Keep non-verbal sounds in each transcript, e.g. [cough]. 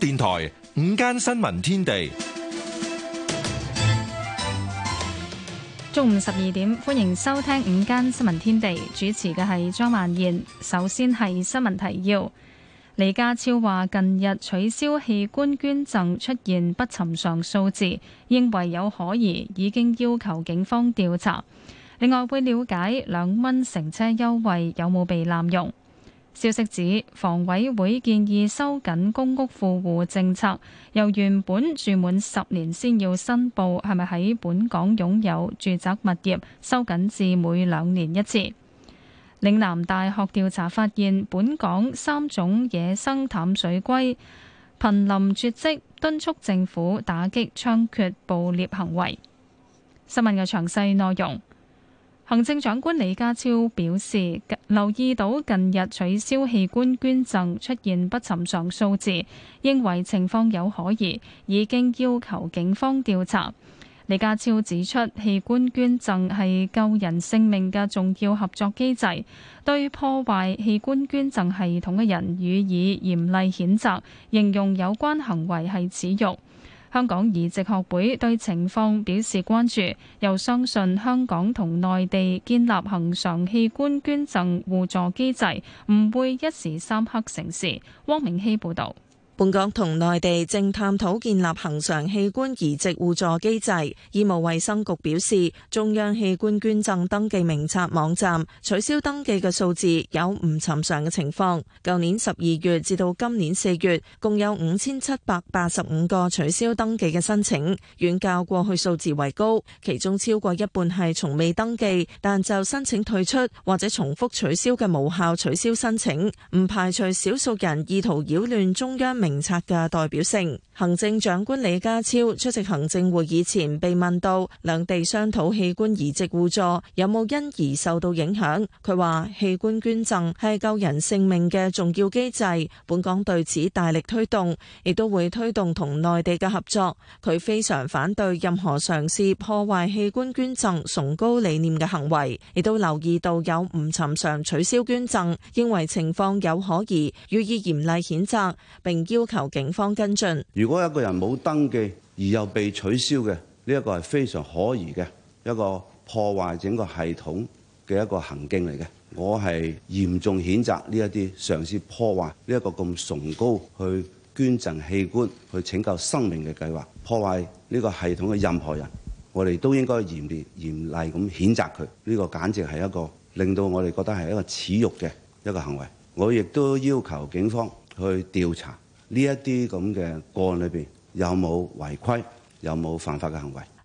電台午間新聞天地，中午十二點，歡迎收聽午間新聞天地，主持嘅係張曼燕。首先係新聞提要，李家超話近日取消器官捐贈出現不尋常數字，認為有可疑，已經要求警方調查。另外會了解兩蚊乘車優惠有冇被濫用。消息指，房委會建議收緊公屋富戶政策，由原本住滿十年先要申報係咪喺本港擁有住宅物業，收緊至每兩年一次。嶺南大學調查發現，本港三種野生淡水龜瀕臨絕跡，敦促政府打擊猖獗捕獵行為。新聞嘅詳細內容。行政長官李家超表示，留意到近日取消器官捐贈出現不尋常數字，認為情況有可疑，已經要求警方調查。李家超指出，器官捐贈係救人性命嘅重要合作機制，對破壞器官捐贈系統嘅人予以嚴厲譴責，形容有關行為係恥辱。香港移植學會對情況表示關注，又相信香港同內地建立恒常器官捐贈互助機制，唔會一時三刻成事。汪明希報道。本港同內地正探討建立恒常器官移植互助機制。醫務衛生局表示，中央器官捐贈登記名冊網站取消登記嘅數字有唔尋常嘅情況。舊年十二月至到今年四月，共有五千七百八十五個取消登記嘅申請，遠較過去數字為高。其中超過一半係從未登記，但就申請退出或者重複取消嘅無效取消申請。唔排除少數人意圖擾亂中央名政策嘅代表性，行政長官李家超出席行政會議前被問到兩地商討器官移植互助有冇因而受到影響，佢話器官捐贈係救人性命嘅重要機制，本港對此大力推動，亦都會推動同內地嘅合作。佢非常反對任何嘗試破壞器官捐贈崇高理念嘅行為，亦都留意到有唔尋常取消捐贈，認為情況有可疑，予以嚴厲譴責，責，並要。要求警方跟進。如果一個人冇登記而又被取消嘅，呢一個係非常可疑嘅一個破壞整個系統嘅一個行徑嚟嘅。我係嚴重譴責呢一啲嘗試破壞呢一個咁崇高去捐贈器官去拯救生命嘅計劃，破壞呢個系統嘅任何人，我哋都應該嚴厲嚴厲咁譴責佢。呢個簡直係一個令到我哋覺得係一個恥辱嘅一個行為。我亦都要求警方去調查。呢一啲咁嘅個案裏邊，有冇違規，有冇犯法嘅行為？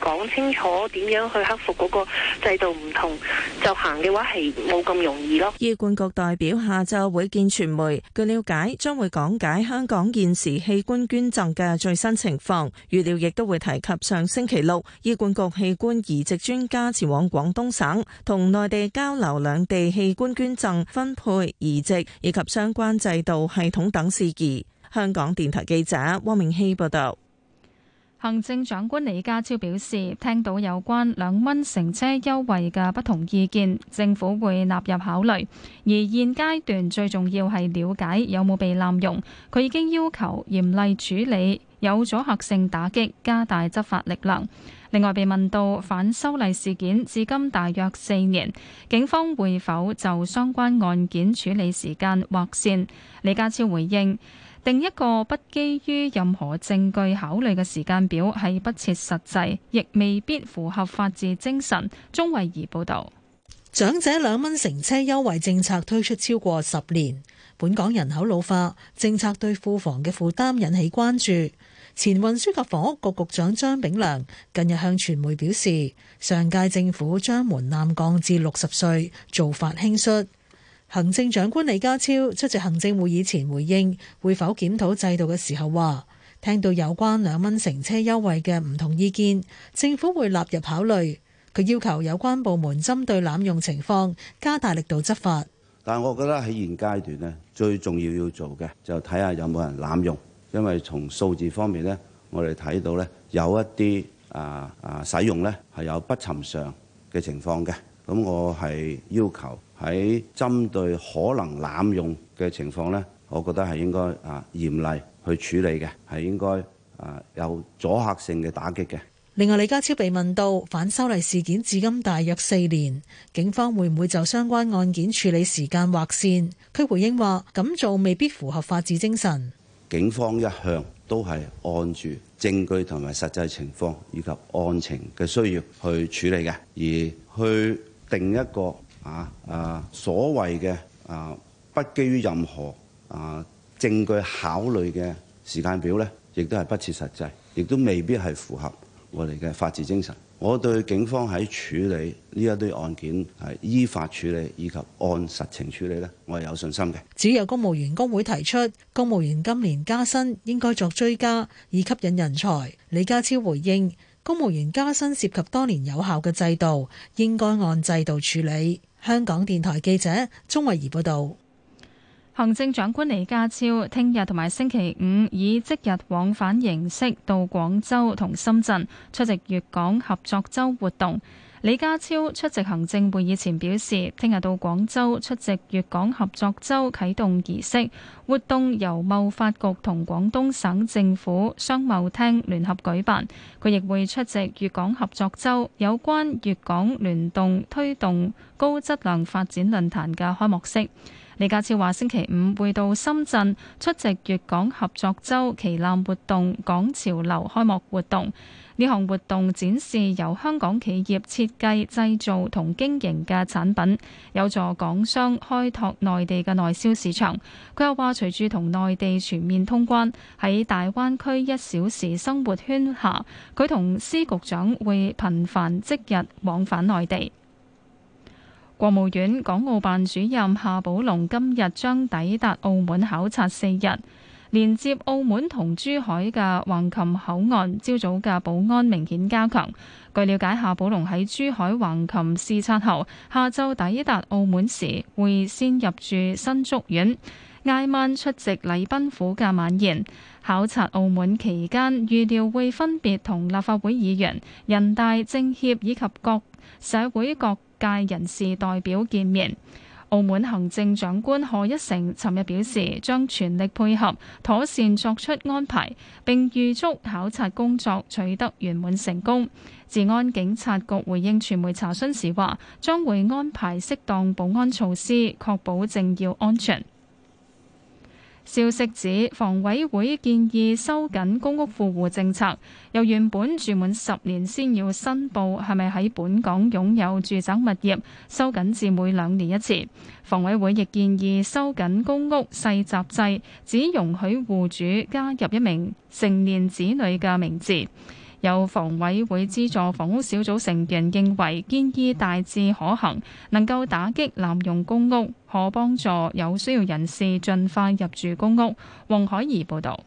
講清楚點樣去克服嗰個制度唔同，就行嘅話係冇咁容易咯。醫管局代表下晝會見傳媒，據了解將會講解香港現時器官捐贈嘅最新情況，預料亦都會提及上星期六醫管局器官移植專家前往廣東省同內地交流兩地器官捐贈分配、移植以及相關制度系統等事宜。香港電台記者汪明熙報道。行政長官李家超表示，聽到有關兩蚊乘車優惠嘅不同意見，政府會納入考慮。而現階段最重要係了解有冇被濫用，佢已經要求嚴厲處理，有阻嚇性打擊，加大執法力量。另外，被問到反修例事件至今大約四年，警方會否就相關案件處理時間劃線？李家超回應。定一個不基於任何證據考慮嘅時間表，係不切實際，亦未必符合法治精神。鍾慧儀報道，長者兩蚊乘車優惠政策推出超過十年，本港人口老化，政策對庫房嘅負擔引起關注。前運輸及房屋局局長張炳良近日向傳媒表示，上屆政府將門檻降至六十歲，做法輕率。行政長官李家超出席行政會議前回應會否檢討制度嘅時候話，聽到有關兩蚊乘車優惠嘅唔同意見，政府會納入考慮。佢要求有關部門針對濫用情況加大力度執法。但我覺得喺現階段呢，最重要要做嘅就睇下有冇人濫用，因為從數字方面呢，我哋睇到呢有一啲啊啊使用呢係有不尋常嘅情況嘅。咁我係要求。喺針對可能濫用嘅情況，呢我覺得係應該啊嚴厲去處理嘅，係應該啊有阻嚇性嘅打擊嘅。另外，李家超被問到反修例事件至今大約四年，警方會唔會就相關案件處理時間劃線？佢回應話：咁做未必符合法治精神。警方一向都係按住證據同埋實際情況以及案情嘅需要去處理嘅，而去定一個。啊！誒所謂嘅誒不基於任何誒證據考慮嘅時間表呢，亦都係不切實際，亦都未必係符合我哋嘅法治精神。我對警方喺處理呢一堆案件，係依法處理以及按實情處理呢，我係有信心嘅。只有公務員工會提出，公務員今年加薪應該作追加，以吸引人才。李家超回應：公務員加薪涉及多年有效嘅制度，應該按制度處理。香港電台記者鍾慧怡報道，行政長官李家超聽日同埋星期五以即日往返形式到廣州同深圳出席粵港合作周活動。李家超出席行政會議前表示，聽日到廣州出席粵港合作周啟動儀式，活動由貿發局同廣東省政府商務廳聯合舉辦。佢亦會出席粵港合作周有關粵港聯動推動高質量發展論壇嘅開幕式。李家超話：星期五會到深圳出席粵港合作周旗艦活動「港潮流」開幕活動。呢項活動展示由香港企業設計、製造同經營嘅產品，有助港商開拓內地嘅內銷市場。佢又話：隨住同內地全面通關，喺大灣區一小時生活圈下，佢同司局長會頻繁即日往返內地。國務院港澳辦主任夏寶龍今日將抵達澳門考察四日。連接澳門同珠海嘅橫琴口岸，朝早嘅保安明顯加強。據了解，夏寶龍喺珠海橫琴視察後，下晝抵達澳門時會先入住新竹苑，挨晚出席禮賓府嘅晚宴。考察澳門期間，預料會分別同立法會議員、人大、政協以及各社會各界人士代表見面。澳門行政長官賀一誠尋日表示，將全力配合，妥善作出安排，並預祝考察工作取得圓滿成功。治安警察局回應傳媒查詢時話，將會安排適當保安措施，確保政要安全。消息指，房委會建議收緊公屋富戶政策，由原本住滿十年先要申報，係咪喺本港擁有住宅物業收緊至每兩年一次。房委會亦建議收緊公屋細集制，只容許戶主加入一名成年子女嘅名字。有房委會資助房屋小組成員認為，建議大致可行，能夠打擊濫用公屋，可幫助有需要人士盡快入住公屋。王海怡報導。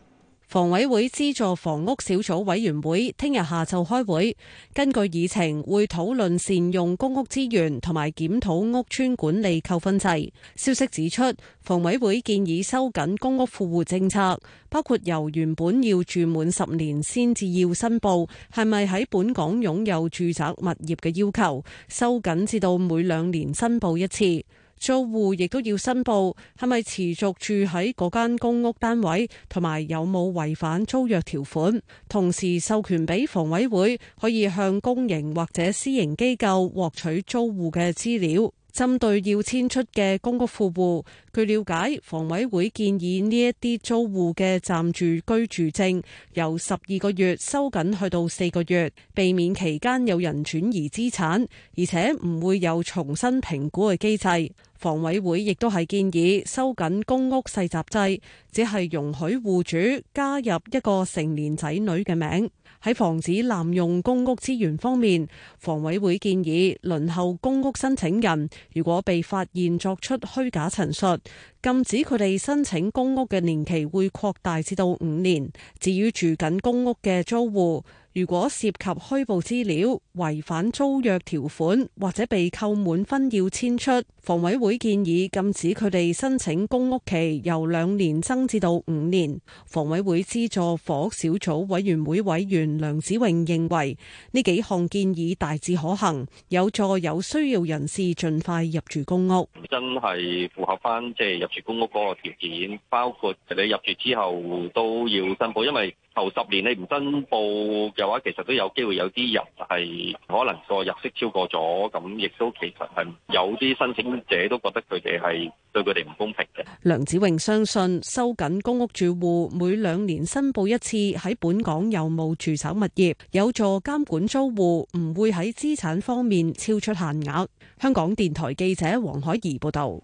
房委會資助房屋小組委員會聽日下晝開會，根據議程會討論善用公屋資源同埋檢討屋邨管理扣分制。消息指出，房委會建議收緊公屋富戶政策，包括由原本要住滿十年先至要申報，係咪喺本港擁有住宅物業嘅要求，收緊至到每兩年申報一次。租戶亦都要申報係咪持續住喺嗰間公屋單位，同埋有冇違反租約條款。同時授權俾房委會可以向公營或者私營機構獲取租戶嘅資料。針對要遷出嘅公屋富戶，據了解，房委會建議呢一啲租戶嘅暫住居住證由十二個月收緊去到四個月，避免期間有人轉移資產，而且唔會有重新評估嘅機制。房委會亦都係建議收緊公屋世襲制，只係容許戶主加入一個成年仔女嘅名。喺防止濫用公屋資源方面，房委會建議輪候公屋申請人如果被發現作出虛假陳述，禁止佢哋申請公屋嘅年期會擴大至到五年。至於住緊公屋嘅租戶，如果涉及虛報資料、違反租約條款或者被扣滿分要遷出，房委會建議禁止佢哋申請公屋期由兩年增至到五年。房委會資助房屋小組委員會委員梁子榮認為呢幾項建議大致可行，有助有需要人士盡快入住公屋。真係符合返即係入住公屋嗰個條件，包括你入住之後都要申報，因為頭十年你唔申報嘅話，其實都有機會有啲人係可能個入息超過咗，咁亦都其實係有啲申請者都覺得佢哋係對佢哋唔公平嘅。梁子榮相信收緊公屋住戶每兩年申報一次喺本港有冇住手物業，有助監管租戶唔會喺資產方面超出限額。香港電台記者黃海怡報道。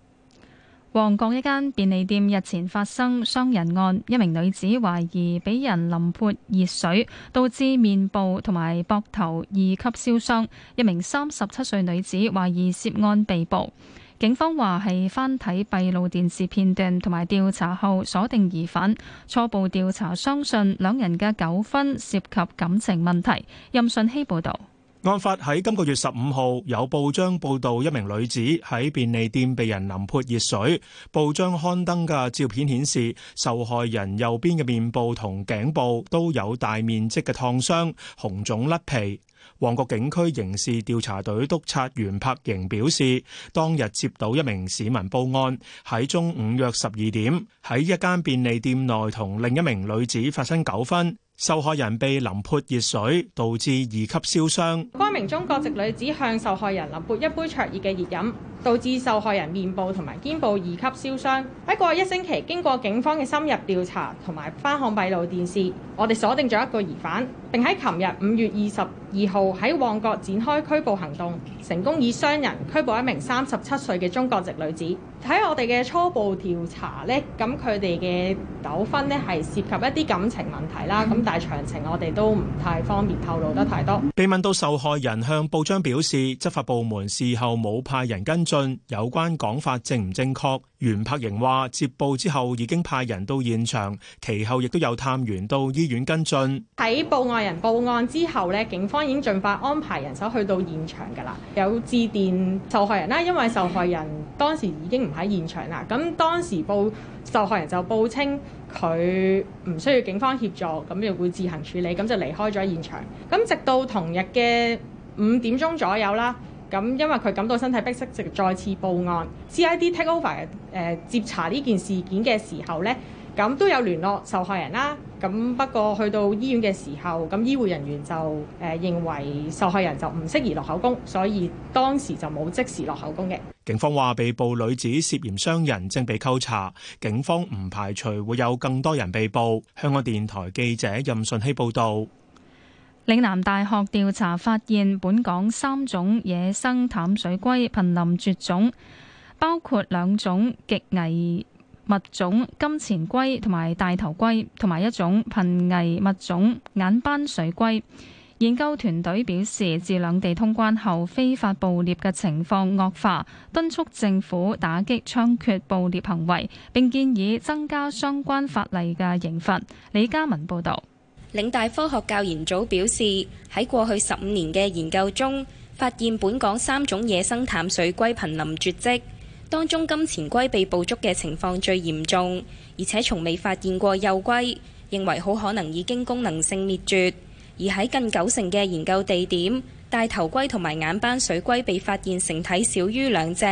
旺角一間便利店日前發生傷人案，一名女子懷疑俾人淋潑熱水，導致面部同埋膊頭二級燒傷。一名三十七歲女子懷疑涉案被捕，警方話係翻睇閉路電視片段同埋調查後鎖定疑犯。初步調查相信兩人嘅糾紛涉及感情問題。任信希報道。案發喺今個月十五號，有報章報道一名女子喺便利店被人淋潑熱水。報章刊登嘅照片顯示，受害人右邊嘅面部同頸部都有大面積嘅燙傷、紅腫、甩皮。旺角警區刑事調查隊督察袁柏瑩表示，當日接到一名市民報案，喺中午約十二點喺一間便利店內同另一名女子發生糾紛。受害人被淋潑熱水，導致二級燒傷。一名中國籍女子向受害人淋潑一杯灼熱嘅熱飲，導致受害人面部同埋肩部二級燒傷。喺過去一星期，經過警方嘅深入調查同埋翻看閉路電視，我哋鎖定咗一個疑犯，並喺琴日五月二十二號喺旺角展開拘捕行動，成功以傷人拘捕一名三十七歲嘅中國籍女子。喺我哋嘅初步調查呢，咁佢哋嘅糾紛呢係涉及一啲感情問題啦，咁但係詳情我哋都唔太方便透露得太多。被問到受害。人向報章表示，執法部門事後冇派人跟進有關講法正唔正確。袁柏瑩話接報之後已經派人到現場，其後亦都有探員到醫院跟進。喺報案人報案之後呢，警方已經盡快安排人手去到現場㗎喇，有致電受害人啦，因為受害人當時已經唔喺現場啦。咁當時報受害人就報稱佢唔需要警方協助，咁就會自行處理，咁就離開咗現場。咁直到同日嘅五點鐘左右啦，咁因為佢感到身體不適，就再次報案。CID take over、呃、接查呢件事件嘅時候呢，咁都有聯絡受害人啦。咁不過去到醫院嘅時候，咁醫護人員就誒認為受害人就唔適宜落口供，所以當時就冇即時落口供嘅。警方話，被捕女子涉嫌傷人，正被扣查。警方唔排除會有更多人被捕。香港電台記者任順希報導。嶺南大學調查發現，本港三種野生淡水龜瀕臨絕種，包括兩種極危物種金錢龜同埋大頭龜，同埋一種瀕危物種眼斑水龜。研究團隊表示，自兩地通關後，非法捕獵嘅情況惡化，敦促政府打擊猖獗捕獵行為，並建議增加相關法例嘅刑罰。李嘉文報導。嶺大科學教研組表示，喺過去十五年嘅研究中，發現本港三種野生淡水龜瀕臨絕跡，當中金錢龜被捕捉嘅情況最嚴重，而且從未發現過幼龜，認為好可能已經功能性滅絕。而喺近九成嘅研究地點，大頭龜同埋眼斑水龜被發現成體少於兩隻，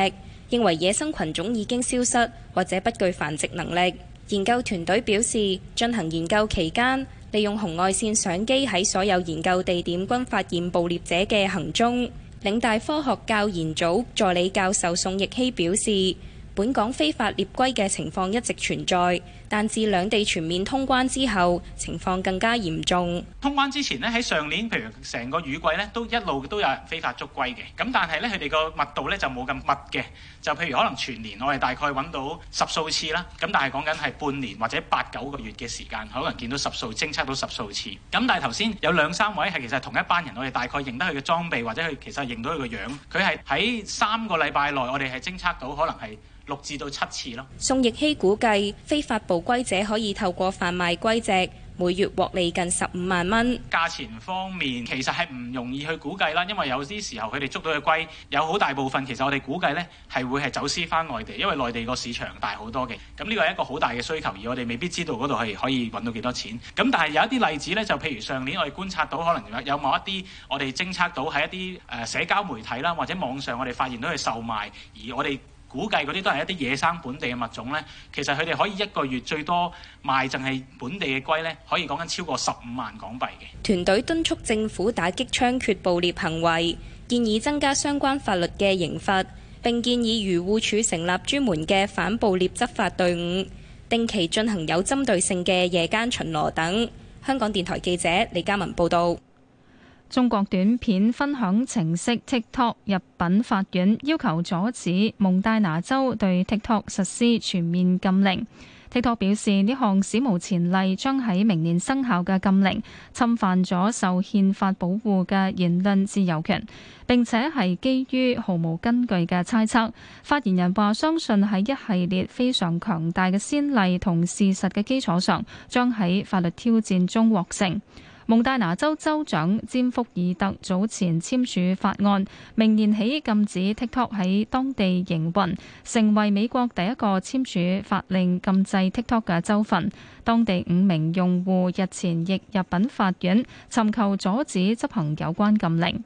認為野生群種已經消失或者不具繁殖能力。研究團隊表示，進行研究期間，利用紅外線相機喺所有研究地點均發現捕獵者嘅行蹤。嶺大科學教研組助、助理教授宋亦希表示，本港非法獵龜嘅情況一直存在。但自兩地全面通關之後，情況更加嚴重。通關之前呢，喺上年譬如成個雨季呢，都一路都有人非法捉龜嘅。咁但係呢，佢哋個密度呢就冇咁密嘅。就譬如可能全年我哋大概揾到十數次啦。咁但係講緊係半年或者八九個月嘅時間，可能見到十數，偵測到十數次。咁但係頭先有兩三位係其實同一班人，我哋大概認得佢嘅裝備或者佢其實認到佢個樣。佢係喺三個禮拜內，我哋係偵測到可能係六至到七次咯。宋奕希估計非法捕偷龜者可以透過販賣龜隻，每月獲利近十五萬蚊。價錢方面，其實係唔容易去估計啦，因為有啲時候佢哋捉到嘅龜，有好大部分其實我哋估計呢係會係走私翻內地，因為內地個市場大好多嘅。咁呢個係一個好大嘅需求，而我哋未必知道嗰度係可以揾到幾多錢。咁但係有一啲例子呢，就譬如上年我哋觀察到，可能有某一啲我哋偵測到喺一啲誒、呃、社交媒體啦，或者網上我哋發現到佢售賣，而我哋，估計嗰啲都係一啲野生本地嘅物種呢，其實佢哋可以一個月最多賣，淨係本地嘅龜呢，可以講緊超過十五萬港幣。嘅團隊敦促政府打擊猖獗捕獵行為，建議增加相關法律嘅刑罰，並建議漁護署成立專門嘅反捕獵執法隊伍，定期進行有針對性嘅夜間巡邏等。香港電台記者李嘉文報道。中國短片分享程式 TikTok 入禀法院要求阻止蒙大拿州對 TikTok 實施全面禁令。TikTok 表示呢項史無前例、將喺明年生效嘅禁令，侵犯咗受憲法保護嘅言論自由權，並且係基於毫無根據嘅猜測。發言人話：相信喺一系列非常強大嘅先例同事實嘅基礎上，將喺法律挑戰中獲勝。蒙大拿州州長詹福爾特早前簽署法案，明年起禁止 TikTok 喺當地營運，成為美國第一個簽署法令禁制 TikTok 嘅州份。當地五名用戶日前亦入禀法院，尋求阻止執行有關禁令。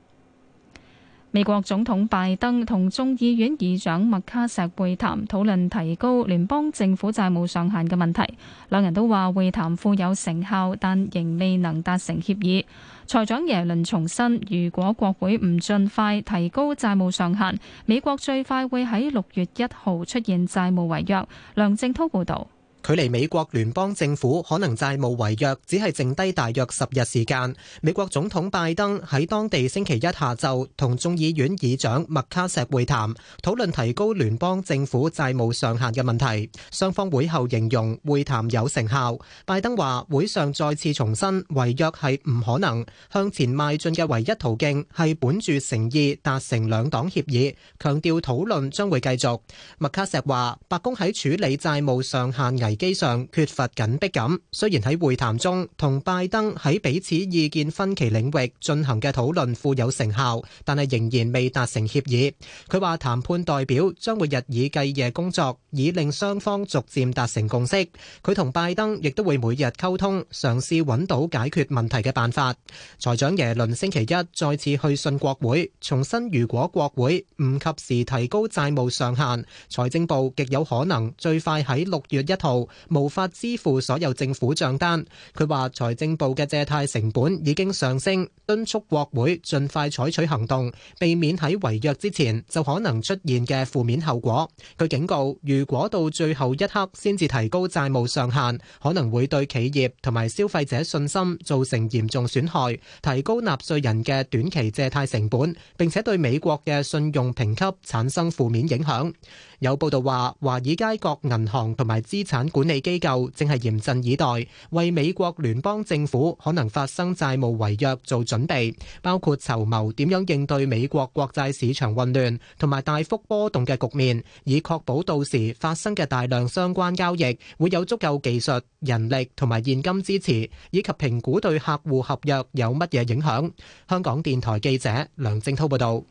美國總統拜登同眾議院議長麥卡錫會談，討論提高聯邦政府債務上限嘅問題。兩人都話會談富有成效，但仍未能達成協議。財長耶倫重申，如果國會唔盡快提高債務上限，美國最快會喺六月一號出現債務違約。梁正濤報道。距離美國聯邦政府可能債務違約，只係剩低大約十日時間。美國總統拜登喺當地星期一下晝同眾議院議長麥卡錫會談，討論提高聯邦政府債務上限嘅問題。雙方會後形容會談有成效。拜登話會上再次重申違約係唔可能，向前邁進嘅唯一途徑係本住誠意達成兩黨協議，強調討論將會繼續。麥卡錫話白宮喺處理債務上限危機上缺乏緊迫感。雖然喺會談中同拜登喺彼此意見分歧領域進行嘅討論富有成效，但係仍然未達成協議。佢話談判代表將會日以繼夜工作，以令雙方逐漸達成共識。佢同拜登亦都會每日溝通，嘗試揾到解決問題嘅辦法。財長耶倫星期一再次去信國會，重申如果國會唔及時提高債務上限，財政部極有可能最快喺六月一號。無法支付所有政府賬單。佢話財政部嘅借貸成本已經上升，敦促國會盡快採取行動，避免喺違約之前就可能出現嘅負面後果。佢警告，如果到最後一刻先至提高債務上限，可能會對企業同埋消費者信心造成嚴重損害，提高納稅人嘅短期借貸成本，並且對美國嘅信用評級產生負面影響。有報道話，華爾街各銀行同埋資產。管理機構正係嚴陣以待，為美國聯邦政府可能發生債務違約做準備，包括籌謀點樣應對美國國債市場混亂同埋大幅波動嘅局面，以確保到時發生嘅大量相關交易會有足夠技術人力同埋現金支持，以及評估對客戶合約有乜嘢影響，香港電台記者梁正濤報道。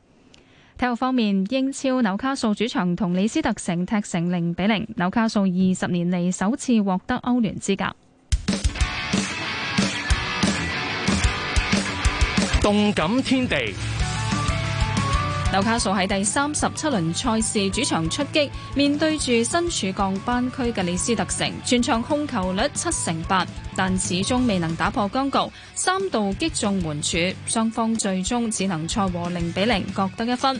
體育方面，英超紐卡素主場同李斯特城踢成零比零，紐卡素二十年嚟首次獲得歐聯資格。動感天地。紐卡素喺第三十七輪賽事主場出擊，面對住身處降班區嘅李斯特城，全場控球率七成八，但始終未能打破僵局，三度擊中門柱，雙方最終只能賽和零比零，各得一分。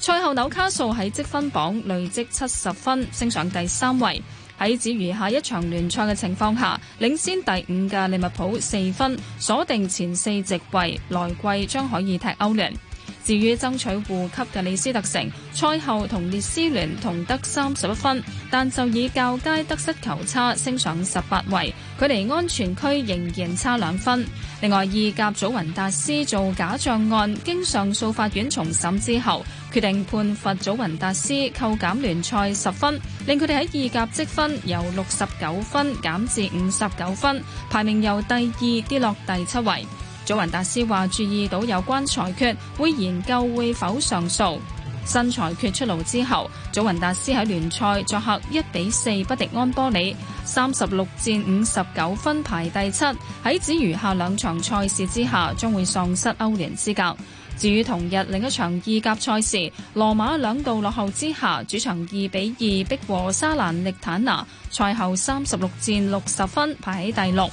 賽後紐卡素喺積分榜累積七十分，升上第三位。喺只餘下一場聯賽嘅情況下，領先第五嘅利物浦四分，鎖定前四席位，來季將可以踢歐聯。至於爭取護級嘅李斯特城，賽後同列斯聯同得三十一分，但就以較佳得失球差升上十八位，距離安全區仍然差兩分。另外，二甲祖雲達斯做假賬案經上訴法院重審之後，決定判罰祖雲達斯扣減聯賽十分，令佢哋喺二甲積分由六十九分減至五十九分，排名由第二跌落第七位。祖雲達斯話：注意到有關裁決，會研究會否上訴。新裁決出爐之後，祖雲達斯喺聯賽作客一比四不敵安波里，三十六戰五十九分排第七。喺只餘下兩場賽事之下，將會喪失歐聯資格。至於同日另一場意甲賽事，羅馬兩度落後之下，主場二比二逼和沙蘭力坦拿，賽後三十六戰六十分排喺第六。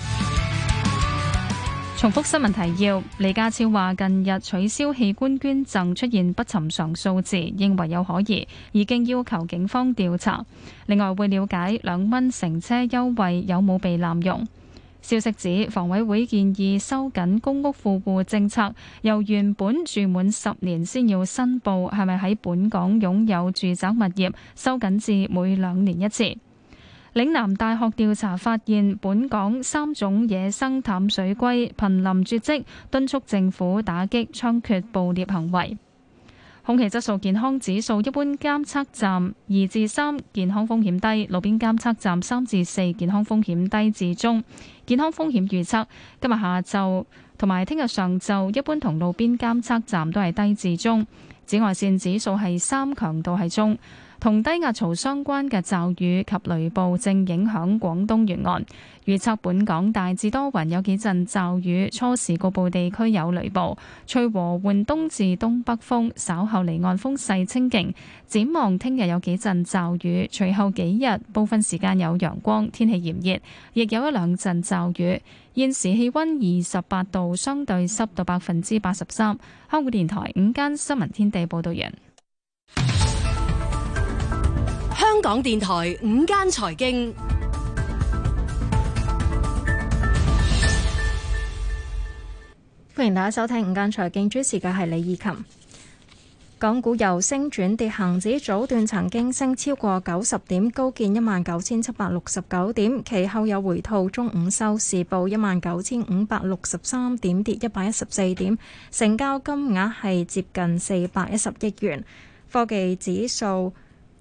重複新聞提要。李家超話，近日取消器官捐贈出現不尋常數字，認為有可疑，已經要求警方調查。另外會了解兩蚊乘車優惠有冇被濫用。消息指，房委會建議收緊公屋富戶政策，由原本住滿十年先要申報係咪喺本港擁有住宅物業，收緊至每兩年一次。嶺南大學調查發現，本港三種野生淡水龜瀕臨絕迹，敦促政府打擊猖獗捕獵行為。空氣質素健康指數一般監測站二至三，健康風險低；路邊監測站三至四，健康風險低至中。健康風險預測今日下晝同埋聽日上晝，一般同路邊監測站都係低至中。紫外線指數係三，強度係中。同低壓槽相關嘅驟雨及雷暴正影響廣東沿岸，預測本港大致多雲，有幾陣驟雨，初時局部地區有雷暴。翠和換東至東北風，稍後離岸風勢清勁。展望聽日有幾陣驟雨，隨後幾日部分時間有陽光，天氣炎熱，亦有一兩陣驟雨。現時氣温二十八度，相對濕度百分之八十三。香港電台午間新聞天地報道員。香港電台午間財經，歡迎大家收聽。午間財經主持嘅係李怡琴。港股由升轉跌，恒指早段曾經升超過九十點，高見一萬九千七百六十九點，其後有回吐，中午收市報一萬九千五百六十三點，跌一百一十四點，成交金額係接近四百一十億元。科技指數，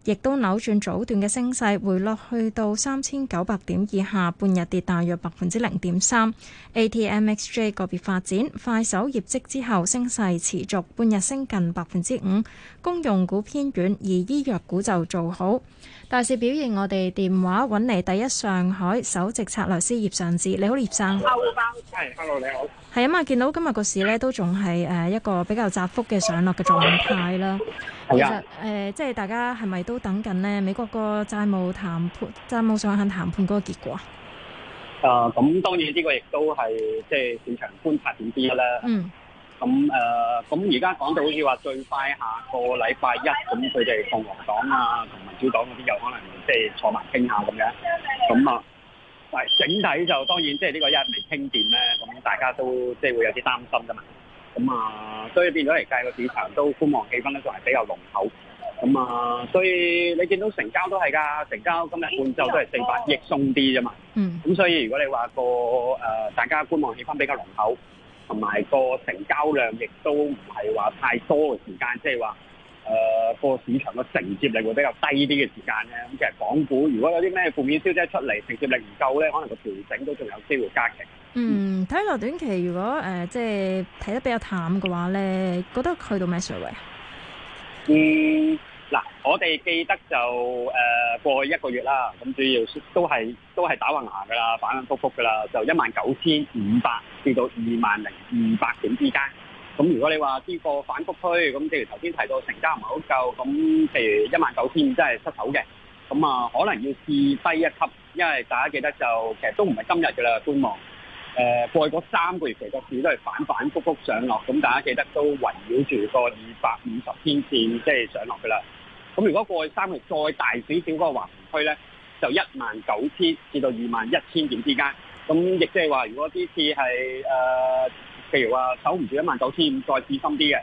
亦都扭轉早段嘅升勢，回落去到三千九百點以下，半日跌大約百分之零點三。ATMXJ 個別發展，快手業績之後，升勢持續，半日升近百分之五。公用股偏軟，而醫藥股就做好。大市表現，我哋電話揾嚟，第一上海首席策略師葉尚志，你好，葉生。Hello，你好。係啊嘛，見到今日個市呢都仲係誒一個比較窄幅嘅上落嘅狀態啦。係啊。其實，呃，即係大家係咪都等緊呢美國個債務談判，債務上限談判嗰個結果啊。啊，咁當然呢個亦都係即係市場觀察點啲嘅啦。嗯。咁誒，咁而家講到好似話最快下個禮拜一，咁佢哋共和黨啊同民主黨嗰啲有可能即係坐埋傾下咁樣，咁啊，但整體就當然即係呢個一日未傾掂咧，咁大家都即係會有啲擔心噶嘛，咁啊，所以變咗嚟計個市場都觀望氣氛咧，仲係比較濃厚，咁啊，所以你見到成交都係㗎，成交今日半晝都係四百億鬆啲啫嘛，嗯，咁所以如果你話個誒大家觀望氣氛比較濃厚。同埋個成交量亦都唔係話太多嘅時間，即係話誒個市場嘅承接力會比較低啲嘅時間咧。咁其實港股如果有啲咩負面消息出嚟，承接力唔夠咧，可能個調整都仲有機會加劇。嗯，睇落短期如果誒、呃、即係睇得比較淡嘅話咧，覺得去到咩水位？嗯我哋記得就誒過去一個月啦，咁主要都係都係打橫行噶啦，反反覆覆噶啦，就一萬九千五百至到二萬零二百點之間。咁如果你話呢個反覆區，咁譬如頭先提到成交唔係好夠，咁譬如一萬九千真係失守嘅，咁啊可能要試低一級，因為大家記得就其實都唔係今日噶啦觀望。誒過去嗰三個月其實個市都係反反覆覆上落，咁大家記得都圍繞住個二百五十天線即係上落噶啦。咁如果過去三個月再大少少嗰個橫盤區咧，就一萬九千至到二萬一千點之間，咁亦即係話，如果呢次係誒、呃、譬如話守唔住 19, 000, 一萬九千五，再試深啲嘅。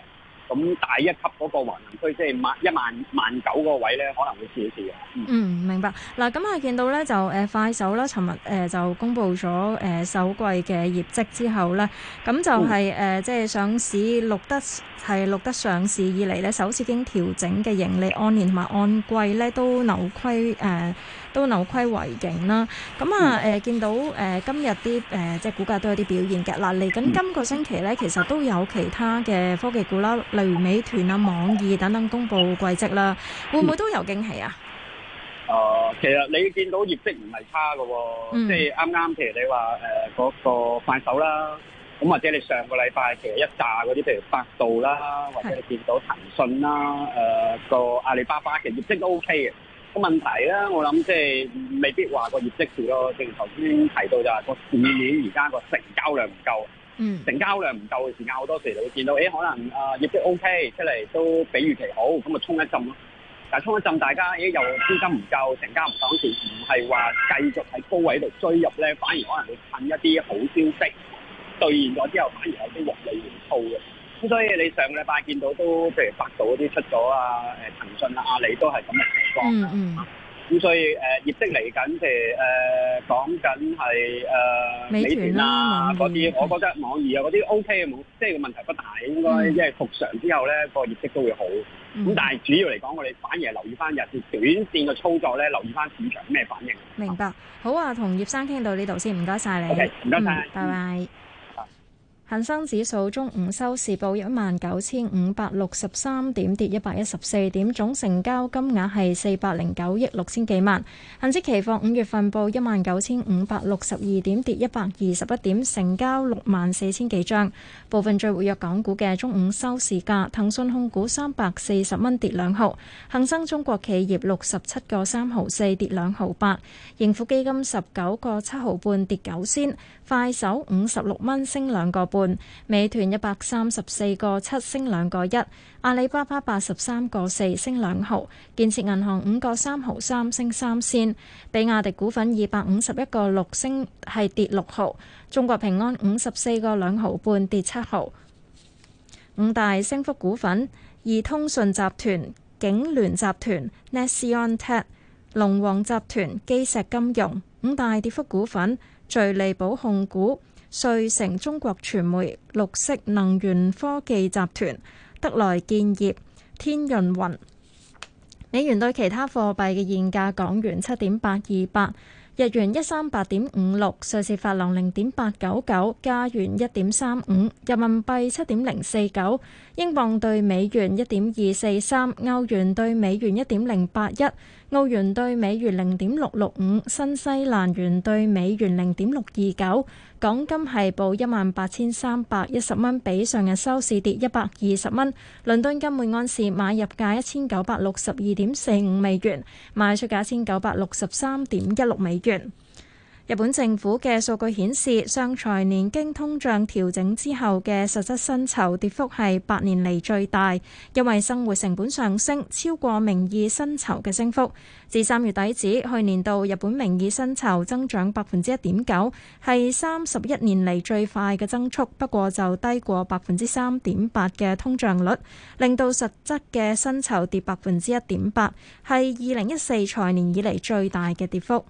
咁大一級嗰個橫行區，即係萬一萬萬九嗰個位呢，可能會試一試嘅。嗯，嗯，明白。嗱，咁啊，見到呢，就誒、呃、快手啦，尋日誒就公布咗誒、呃、首季嘅業績之後呢，咁就係誒即係上市錄得係錄得上市以嚟呢，首次經調整嘅盈利、嗯、按年同埋按季呢，都扭虧誒。呃都扭虧為盈啦，咁啊誒見到誒今日啲誒即係股價都有啲表現嘅。嗱，嚟緊今個星期咧，其實都有其他嘅科技股啦，例如美團啊、網易等等，公布季績啦，會唔會都有驚喜啊？誒、嗯，嗯、其實你見到業績唔係差嘅喎、哦，即係啱啱譬如你話誒嗰個快手啦，咁或者你上個禮拜其實一炸嗰啲，譬如百度啦，是或者你見到騰訊啦，誒、呃、個阿里巴巴，巴其實業績都 OK 嘅。個問題啦，我諗即係未必話個業績好咯。正如頭先提到，就係個市面而家個成交量唔夠，成交量唔夠嘅時間好多時就會見到，誒可能啊業績 O K 出嚟都比預期好，咁就衝一浸咯。但係衝一浸，大家咦又資金唔夠，成交唔夠時，唔係話繼續喺高位度追入咧，反而可能會趁一啲好消息兌現咗之後，反而有啲獲利回吐嘅。咁所以你上個禮拜見到都，譬如百度嗰啲出咗、呃、啊，誒騰訊啊、阿里都係咁嘅情況。嗯咁、嗯啊、所以誒、呃、業績嚟緊、就是，即係誒講緊係誒美團啦、啊、嗰啲、呃，啊、我覺得網易啊嗰啲 OK 嘅，冇即係個問題不大，應該即係、嗯、復常之後咧、嗰個業績都會好。咁、嗯、但係主要嚟講，我哋反而係留意翻日線、短線嘅操作咧，留意翻市場咩反應。嗯、明白。好啊，同葉生傾到呢度先，唔該晒你。唔該晒。Mm, 拜拜。恒生指數中午收市報一萬九千五百六十三點，跌一百一十四點，總成交金額係四百零九億六千幾萬。恒指期貨五月份報一萬九千五百六十二點，跌一百二十一點，成交六萬四千幾張。部分最活躍港股嘅中午收市價：騰訊控股三百四十蚊跌兩毫，恒生中國企業六十七個三毫四跌兩毫八，盈富基金十九個七毫半跌九仙，快手五十六蚊升兩個。半美團一百三十四個七升兩個一，阿里巴巴八十三個四升兩毫，建設銀行五個三毫三升三仙，比亞迪股份二百五十一個六升係跌六毫，中國平安五十四個兩毫半跌七毫。五大升幅股份：二通訊集團、景聯集團、Nasont、龍王集團、基石金融。五大跌幅股份：聚利寶控股。瑞成中國傳媒、綠色能源科技集團、德萊建業、天潤雲。美元對其他貨幣嘅現價：港元七點八二八，日元一三八點五六，瑞士法郎零點八九九，加元一點三五，人民幣七點零四九。英鎊兌美元一點二四三，歐元兌美元一點零八一，澳元兌美元零點六六五，新西蘭元兌美元零點六二九。港金係報一萬八千三百一十蚊，比上日收市跌一百二十蚊。倫敦金每安士買入價一千九百六十二點四五美元，賣出價一千九百六十三點一六美元。日本政府嘅數據顯示，上財年經通脹調整之後嘅實質薪酬跌幅係八年嚟最大，因為生活成本上升超過名義薪酬嘅升幅。至三月底止，去年度日本名義薪酬增長百分之一點九，係三十一年嚟最快嘅增速。不過就低過百分之三點八嘅通脹率，令到實質嘅薪酬跌百分之一點八，係二零一四財年以嚟最大嘅跌幅。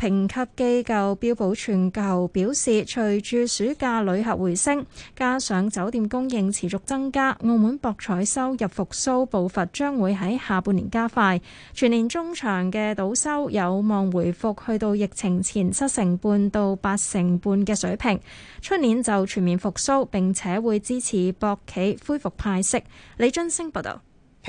評級機構標普全球表示，隨住暑假旅客回升，加上酒店供應持續增加，澳門博彩收入復蘇步伐將會喺下半年加快。全年中場嘅賭收有望回復去到疫情前七成半到八成半嘅水平，出年就全面復蘇，並且會支持博企恢復派息。李津升報道。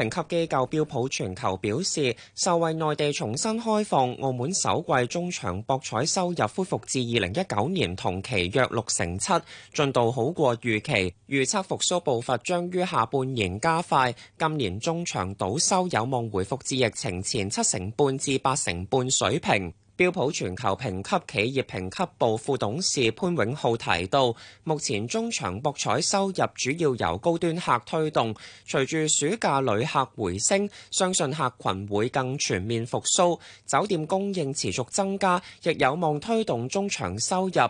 評級機構標普全球表示，受惠內地重新開放，澳門首季中場博彩收入恢復至二零一九年同期約六成七，進度好過預期。預測復甦步伐將於下半年加快，今年中場賭收有望回復至疫情前七成半至八成半水平。標普全球評級企業評級部副董事潘永浩提到，目前中場博彩收入主要由高端客推動，隨住暑假旅客回升，相信客群會更全面復甦，酒店供應持續增加，亦有望推動中場收入。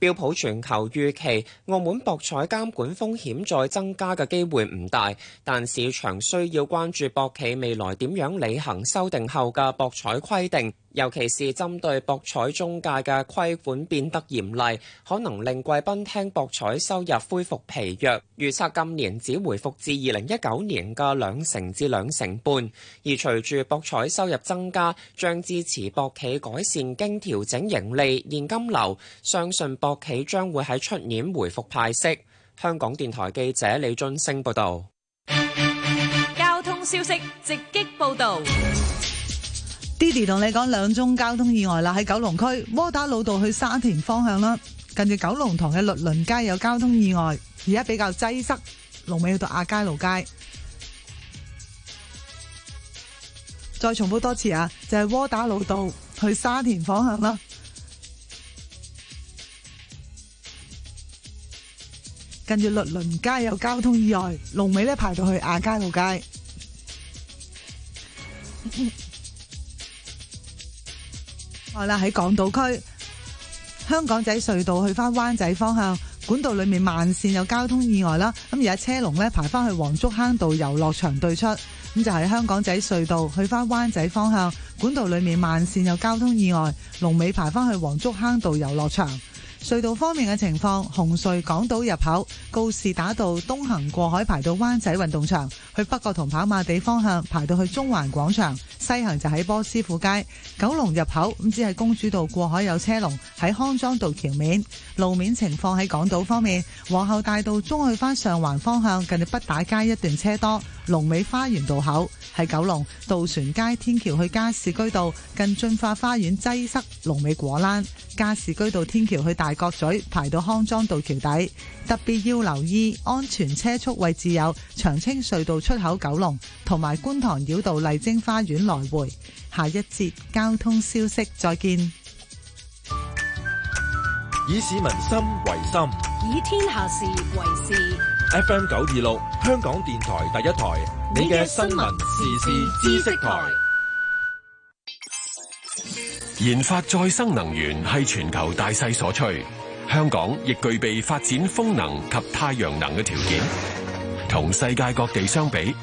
標普全球預期，澳門博彩監管風險再增加嘅機會唔大，但市場需要關注博企未來點樣履行修訂後嘅博彩規定。尤其是針對博彩中介嘅規管變得嚴厲，可能令貴賓廳博彩收入恢復疲弱，預測今年只回復至二零一九年嘅兩成至兩成半。而隨住博彩收入增加，將支持博企改善經調整盈利現金流，相信博企將會喺出年回復派息。香港電台記者李津升報導。交通消息直擊報導。Didi 同你講兩宗交通意外啦，喺九龍區窩打老道去沙田方向啦，近住九龍塘嘅律倫街有交通意外，而家比較擠塞，龍尾去到亞皆老街。再重複多次啊，就係、是、窩打老道去沙田方向啦，近住律倫街有交通意外，龍尾咧排到去亞皆老街。 [laughs] 係啦，喺港島區香港仔隧道去翻灣仔方向管道裏面慢線有交通意外啦，咁而家車龍咧排翻去黃竹坑道遊樂場對出，咁就係香港仔隧道去翻灣仔方向管道裏面慢線有交通意外，龍尾排翻去黃竹坑道遊樂場。隧道方面嘅情況，紅隧港島入口告士打道東行過海排到灣仔運動場，去北角同跑馬地方向排到去中環廣場；西行就喺波斯富街九龍入口，咁只係公主道過海有車龍，喺康莊道橋面路面情況喺港島方面，皇后大道中去返上環方向近住畢打街一段車多。龍尾花園道口，喺九龍渡船街天橋去加士居道近駿發花園擠塞龍尾果欄，加士居道天橋去大角咀排到康莊道橋底，特別要留意安全車速位置有長青隧道出口九龍同埋觀塘繞道麗晶花園來回。下一節交通消息再見。以市民心為心，以天下事為事。FM 九二六，香港電台第一台，你嘅新聞時事知識台。研發再生能源係全球大勢所趨，香港亦具備發展風能及太陽能嘅條件。同世界各地相比，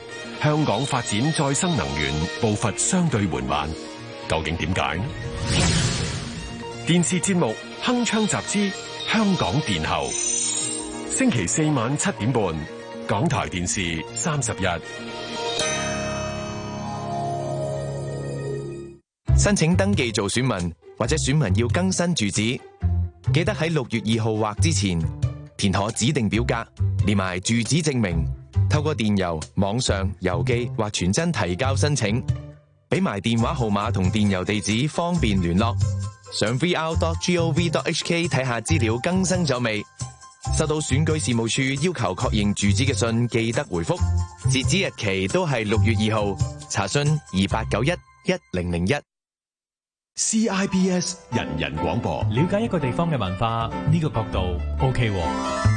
香港發展再生能源步伐相對緩慢，究竟點解呢？ [noise] 電視節目《鏗鏘集資》，香港電台。星期四晚七點半，港台電視三十日。申請登記做選民或者選民要更新住址，記得喺六月二號或之前填妥指定表格，連埋住址證明，透過電郵、網上、郵寄或傳真提交申請，俾埋電話號碼同電郵地址，方便聯絡。上 vr.gov.hk 睇下資料更新咗未？收到選舉事務處要求確認住址嘅信，記得回覆。截止日期都係六月二號。查詢二八九一一零零一。CIBS 人人廣播，了解一個地方嘅文化呢個角度 OK。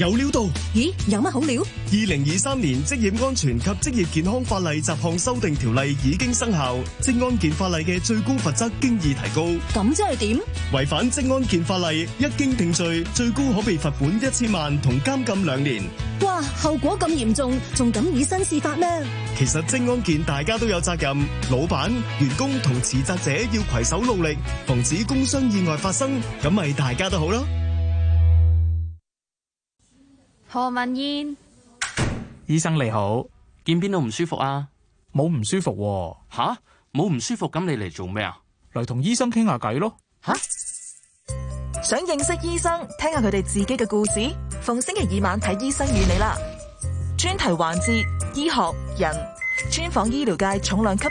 有料到？咦，有乜好料？二零二三年職業安全及職業健康法例雜項修訂條例已經生效，職安健法例嘅最高罰則經已提高。咁即係點？違反職安健法例一經定罪，最高可被罰款一千萬同監禁兩年。哇，後果咁嚴重，仲敢以身試法咩？其實職安健大家都有責任，老闆、員工同辭職者要攜手努力，防止工傷意外發生，咁咪大家都好咯。何文燕，醫生你好，見邊度唔舒服啊？冇唔舒服喎。吓，冇唔舒服？咁你嚟做咩啊？嚟同醫生傾下偈咯。吓，想認識醫生，聽下佢哋自己嘅故事。逢星期二晚睇《醫生與你》啦，專題環節，醫學人專訪醫療界重量級